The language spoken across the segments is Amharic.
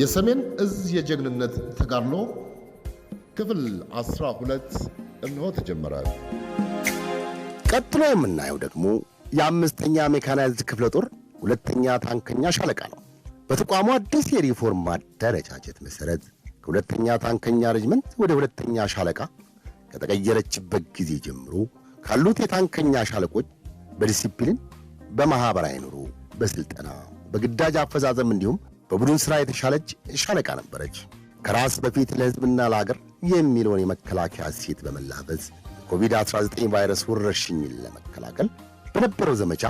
የሰሜን እዝ የጀግንነት ተጋድሎ ክፍል 12 እንሆ ተጀመረ። ቀጥሎ የምናየው ደግሞ የአምስተኛ ሜካናይዝድ ክፍለ ጦር ሁለተኛ ታንከኛ ሻለቃ ነው። በተቋሙ አዲስ የሪፎርም ማደረጃጀት መሰረት ከሁለተኛ ታንከኛ ሬጅመንት ወደ ሁለተኛ ሻለቃ ከተቀየረችበት ጊዜ ጀምሮ ካሉት የታንከኛ ሻለቆች በዲሲፕሊን፣ በማኅበራዊ ኑሮ፣ በሥልጠና፣ በግዳጅ አፈዛዘም እንዲሁም በቡድን ሥራ የተሻለች ሻለቃ ነበረች። ከራስ በፊት ለሕዝብና ለአገር የሚለውን የመከላከያ እሴት በመላበስ ኮቪድ-19 ቫይረስ ወረርሽኝን ለመከላከል በነበረው ዘመቻ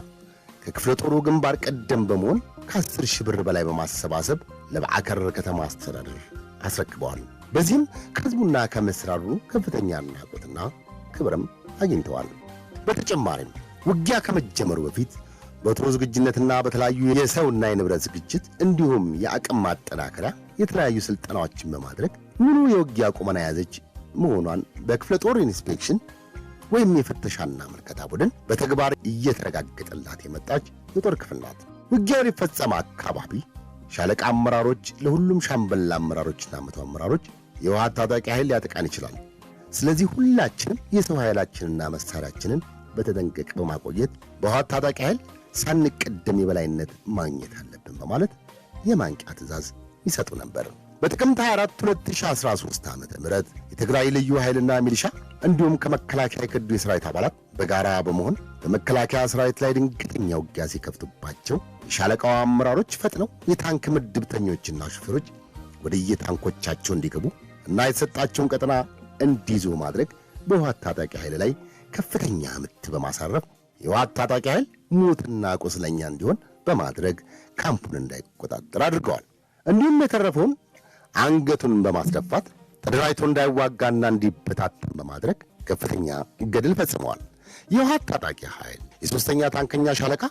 ከክፍለ ጦሩ ግንባር ቀደም በመሆን ከ10 ሺህ ብር በላይ በማሰባሰብ ለበዓከር ከተማ አስተዳደር አስረክበዋል። በዚህም ከሕዝቡና ከመስራሩ ከፍተኛ አድናቆትና ክብርም አግኝተዋል። በተጨማሪም ውጊያ ከመጀመሩ በፊት በቶ ዝግጅነትና በተለያዩ የሰውና የንብረት ዝግጅት እንዲሁም የአቅም ማጠናከሪያ የተለያዩ ስልጠናዎችን በማድረግ ሙሉ የውጊያ ቁመና የያዘች መሆኗን በክፍለ ጦር ኢንስፔክሽን ወይም የፍተሻና ምልከታ ቡድን በተግባር እየተረጋገጠላት የመጣች የጦር ክፍል ናት። ውጊያው ሊፈጸም አካባቢ ሻለቃ አመራሮች ለሁሉም ሻምበል አመራሮችና መቶ አመራሮች የውሃ ታጣቂ ኃይል ሊያጠቃን ይችላል። ስለዚህ ሁላችንም የሰው ኃይላችንና መሳሪያችንን በተጠንቀቅ በማቆየት በውሃ ታጣቂ ኃይል ሳንቀደም የበላይነት ማግኘት አለብን በማለት የማንቂያ ትዕዛዝ ይሰጡ ነበር። በጥቅምት 24 2013 ም የትግራይ ልዩ ኃይልና ሚሊሻ እንዲሁም ከመከላከያ የክዱ የሰራዊት አባላት በጋራ በመሆን በመከላከያ ሰራዊት ላይ ድንገተኛ ውጊያ ሲከፍቱባቸው የሻለቃው አመራሮች ፈጥነው የታንክ ምድብተኞችና ሹፌሮች ወደየታንኮቻቸው እንዲገቡ እና የተሰጣቸውን ቀጠና እንዲይዙ ማድረግ በህወሓት ታጣቂ ኃይል ላይ ከፍተኛ ምት በማሳረፍ የዋት ታጣቂ ኃይል ሙትና ቁስለኛ እንዲሆን በማድረግ ካምፑን እንዳይቆጣጠር አድርገዋል። እንዲሁም የተረፈውን አንገቱን በማስደፋት ተደራጅቶ እንዳይዋጋና እንዲበታተን በማድረግ ከፍተኛ ገድል ፈጽመዋል። የውሃት ታጣቂ ኃይል የሦስተኛ ታንከኛ ሻለቃ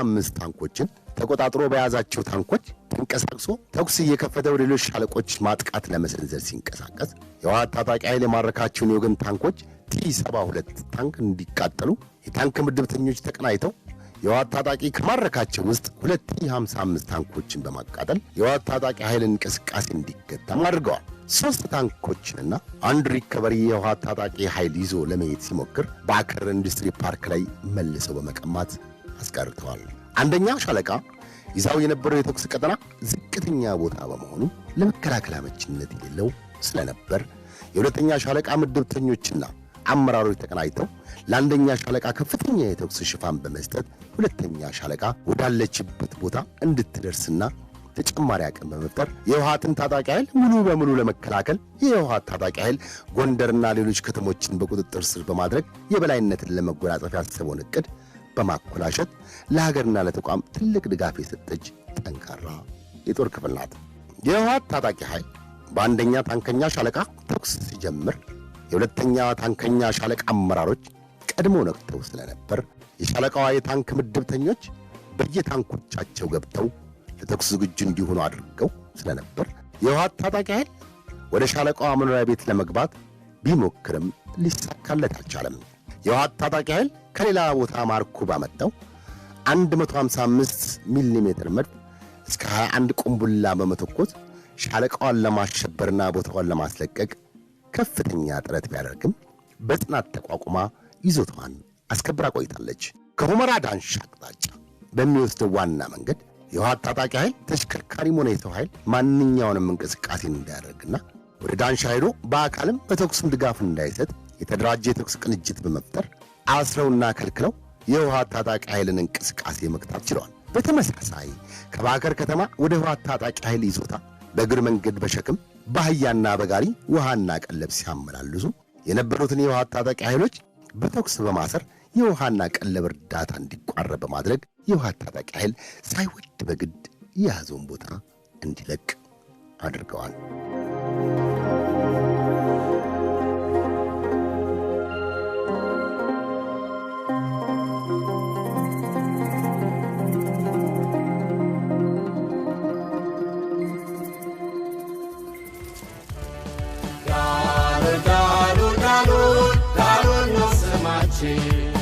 አምስት ታንኮችን ተቆጣጥሮ በያዛቸው ታንኮች ተንቀሳቅሶ ተኩስ እየከፈተ ወደ ሌሎች ሻለቆች ማጥቃት ለመሰንዘር ሲንቀሳቀስ የውሃ ታጣቂ ኃይል የማረካቸውን የወገን ታንኮች ቲ72 ታንክ እንዲቃጠሉ የታንክ ምድብተኞች ተቀናይተው የዋት ታጣቂ ከማረካቸው ውስጥ ሁለት ቲ55 ታንኮችን በማቃጠል የዋት ታጣቂ ኃይል እንቅስቃሴ እንዲገታም አድርገዋል። ሶስት ታንኮችንና አንድ ሪከቨሪ የውሃ ታጣቂ ኃይል ይዞ ለመሄድ ሲሞክር በአከር ኢንዱስትሪ ፓርክ ላይ መልሰው በመቀማት አስቀርተዋል። አንደኛ ሻለቃ ይዛው የነበረው የተኩስ ቀጠና ዝቅተኛ ቦታ በመሆኑ ለመከላከል አመችነት የሌለው ስለነበር የሁለተኛ ሻለቃ ምድብተኞችና አመራሮች ተቀናጅተው ለአንደኛ ሻለቃ ከፍተኛ የተኩስ ሽፋን በመስጠት ሁለተኛ ሻለቃ ወዳለችበት ቦታ እንድትደርስና ተጨማሪ አቅም በመፍጠር የውሃትን ታጣቂ ኃይል ሙሉ በሙሉ ለመከላከል የውሃት ታጣቂ ኃይል ጎንደርና ሌሎች ከተሞችን በቁጥጥር ስር በማድረግ የበላይነትን ለመጎናጸፍ ያሰበውን እቅድ በማኮላሸት ለሀገርና ለተቋም ትልቅ ድጋፍ የሰጠች ጠንካራ የጦር ክፍል ናት። የህወሓት ታጣቂ ኃይል በአንደኛ ታንከኛ ሻለቃ ተኩስ ሲጀምር የሁለተኛ ታንከኛ ሻለቃ አመራሮች ቀድሞ ነቅተው ስለነበር የሻለቃዋ የታንክ ምድብተኞች በየታንኮቻቸው ገብተው ለተኩስ ዝግጁ እንዲሆኑ አድርገው ስለነበር የውሃት ታጣቂ ኃይል ወደ ሻለቃዋ መኖሪያ ቤት ለመግባት ቢሞክርም ሊሳካለት አልቻለም። የውሃት ታጣቂ ኃይል ከሌላ ቦታ ማርኩ ባመጣው 155 ሚሊ ሜትር መድፍ እስከ 21 ቁምቡላ በመተኮስ ሻለቃዋን ለማሸበርና ቦታዋን ለማስለቀቅ ከፍተኛ ጥረት ቢያደርግም በጽናት ተቋቁማ ይዞታዋን አስከብራ ቆይታለች። ከሁመራ ዳንሻ አቅጣጫ በሚወስደው ዋና መንገድ የውሃ ታጣቂ ኃይል ተሽከርካሪም ሆነ የሰው ኃይል ማንኛውንም እንቅስቃሴን እንዳያደርግና ወደ ዳንሻ ሄዶ በአካልም በተኩስም ድጋፍ እንዳይሰጥ የተደራጀ የተኩስ ቅንጅት በመፍጠር አስረውና ከልክለው የውሃ ታጣቂ ኃይልን እንቅስቃሴ መግታት ችለዋል። በተመሳሳይ ከባከር ከተማ ወደ ውሃ ታጣቂ ኃይል ይዞታ በእግር መንገድ በሸክም በአህያና በጋሪ ውሃና ቀለብ ሲያመላልሱ የነበሩትን የውሃ ታጣቂ ኃይሎች በተኩስ በማሰር የውሃና ቀለብ እርዳታ እንዲቋረጥ በማድረግ የውሃ ታጣቂ ኃይል ሳይወድ በግድ የያዘውን ቦታ እንዲለቅ አድርገዋል። Tarul nu se macie